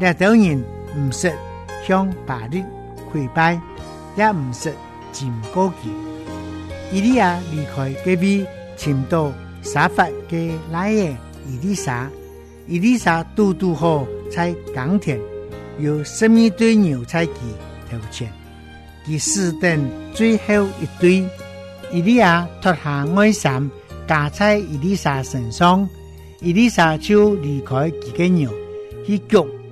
那等人唔識向巴力跪拜，也唔識盡高潔。伊利亞離開隔壁，尋到沙發嘅奶奶伊麗莎。伊麗莎嘟嘟好在耕田有十二對牛菜地，偷錢。佢四得最後一堆，伊利亞脱下外衫，加在伊麗莎身上，伊麗莎就離開幾個牛，一腳。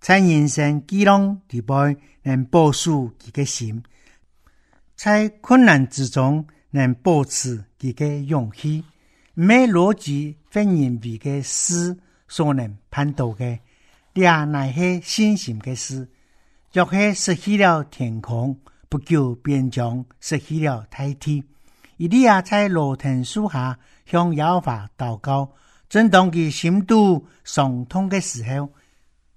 在人生幾浪底部，能保守己個心；在困難之中，能保持己個勇氣。沒邏輯分人為嘅事所能判斷嘅，你啊那些信心嘅事。若是失去了天空，不久便將失去了大地；以利亞在羅騰樹下向耶和華禱告，正當其心都傷痛的時候。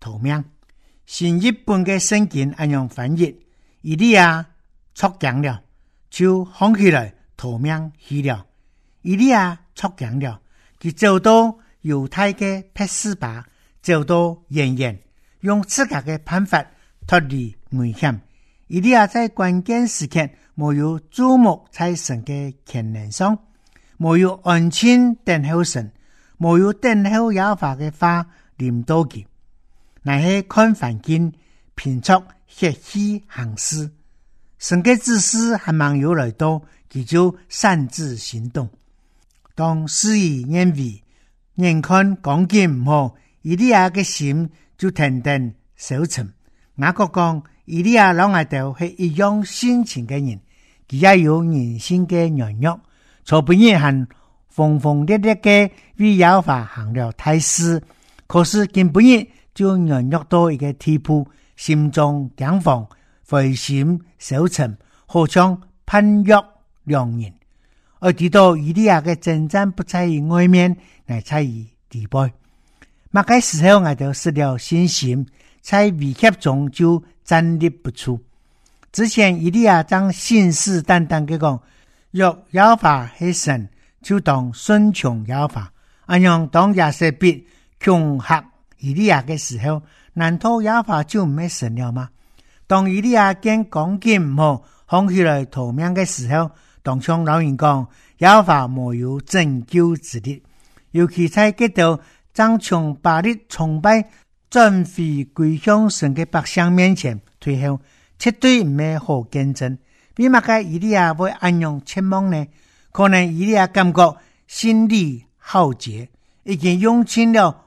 逃命，像一般嘅聖經一樣翻譯，以利亞出驚了，就扛起來逃命去了。以利亞出驚了，佢走到猶太嘅別是巴，走到邊緣，用自家嘅辦法脫離危險。以利亞在關鍵時刻冇有注目在神嘅牽連上，冇有安心等候神，冇有等候亞法嘅話臨到佢。乃是看凡間憑血氣行事。神格自私還蠻友來到他就擅自行動。當時意認為，人看講景唔好，伊利亞嘅心就停停收沉。雅各講，伊利亞老外頭係一樣性情嘅人，佢也有人性嘅軟弱，昨晡日還風風烈烈嘅為妖法行了太師，可是今晡日。將軟弱到一個地步，心中頂房，回心小陳，好像判若兩人。而提到伊利亞嘅征戰不在於外面，乃在於地背。麥個時候我就失掉信心,心，在危機中就站立不住。之前伊利亞將信誓旦旦嘅講，若耶和華係神，就當順從耶和華，阿讓當家勢必窮吓。”以利亞嘅時候，難道亞法就唔會神了嗎？當以利亞見講經唔好，放起來逃命嘅時候，董昌老人講，亞法沒有拯救之力。尤其在接到張昌把啲崇拜準備歸向神嘅百姓面前退後，絕對唔係好堅貞。為乜嘅以利亞會安用怯望呢？可能以利亞感覺心理耗竭，已經用盡了。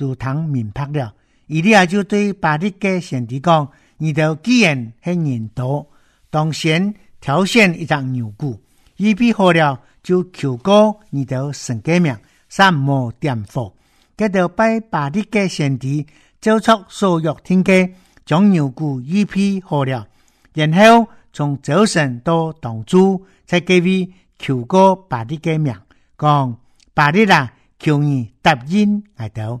就等明白了，伊利亞就對巴力嘅先知講：你哋既然係人多，當先挑選一隻牛股，預備好了就求購你哋神給命，三毛點火。結果拜巴力嘅先知照出所有天機，將牛股預備好了，然後從早晨到當晝，才給位求購巴力嘅名，講巴力啦，你求你答應我到。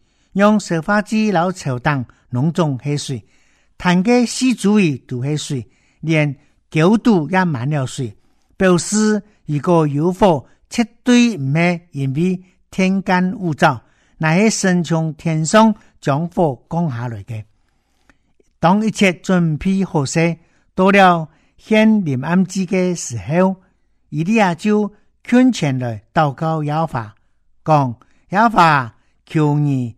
用燒花枝、老抽當濃重黑水，壇個四周都黑水，連狗肚也滿了水。表示如果有火，絕對唔係因為天乾物燥，乃係神從天上降火降下來嘅。當一切準備好晒，到了獻臨暗之嘅時候，以利亞就勸前來禱告，耶和華講：耶和華求你。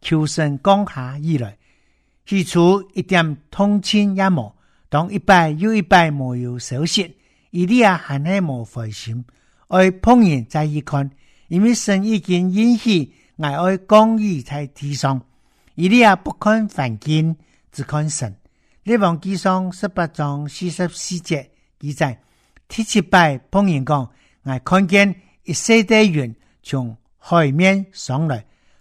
求神降下以來，起初一點同情也沒，當一拜又一拜沒有消息，伊利亞閑下冇回心。愛碰人再一看，因為神已經允許挨愛降雨在地上，伊利亞不看環境，只看神。《列王紀上》十八章四十四節記載：第七拜碰人講，挨看見一些朵雲從海面上來。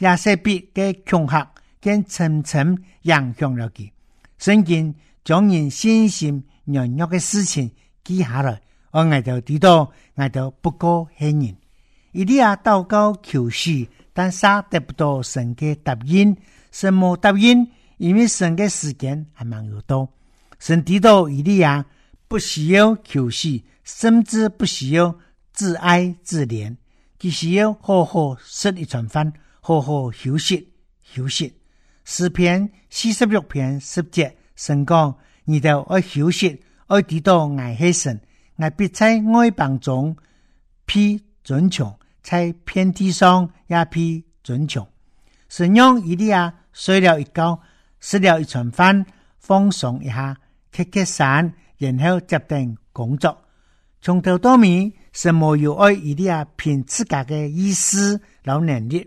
亞瑟比嘅恐嚇跟層層影響了佢，聖經將人信心軟弱嘅事情記下來，我挨到幾多，挨到不夠吓人。伊利亞禱告求死，但啥得不到神嘅答應，什麼答應？因為神嘅時間還蠻有多。神知道伊利亞不需要求死，甚至不需要自哀自憐，只需要好好食一餐飯。好好休息，休息。四篇四十六篇十節，神講你都愛休息，愛提到愛學生，愛必在愛班中批准強，在偏地上也批准強。神讓伊哋啊睡了一覺，食了一餐飯，放鬆一下，歇歇散，然後決定工作。從頭到尾神沒有愛伊哋啊憑自家嘅意思，老能力。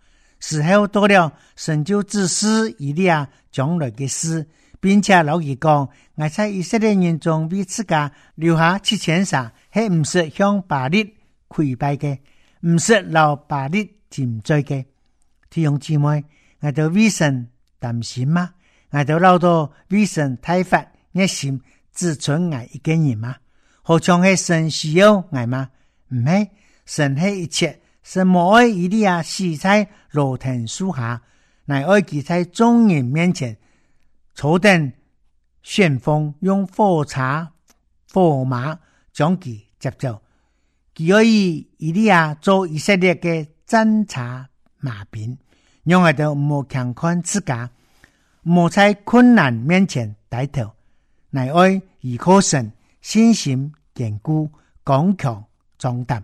死後多了神就自私一點將來的事，並且老是講我在以色列人中為自家留下七千三，是唔是向巴力跪拜嘅？唔是老巴力敬罪嘅？弟兄姊妹，我做為神擔心嗎？我都老多為神大發熱心，自存我一個人嗎？好像嘅神需要我嗎？唔、嗯、係，神係一切。神摩愛伊利亞死在羅騰樹下，乃愛其在眾人面前坐定旋風，用火柴、火馬將其接走。佢可以利亞做以色列的戰車馬兵，讓佢的唔強看自家，唔在困難面前低頭，乃愛而可神信心堅固，剛強壯大。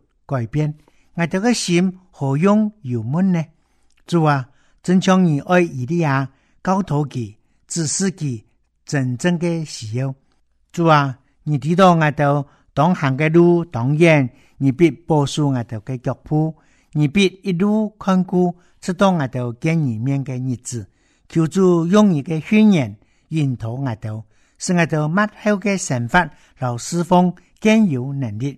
改變，我這個心何用有悶呢？主啊，增強你愛以利亞，教導佮指示佮真正的使用。主啊，你提到我到當行嘅路，當然你必保守我到嘅腳步，你必一路看顧，直到我到見你面嘅日子。求主用你嘅宣言引導我到，使我到日後嘅想法，老四方更有能力。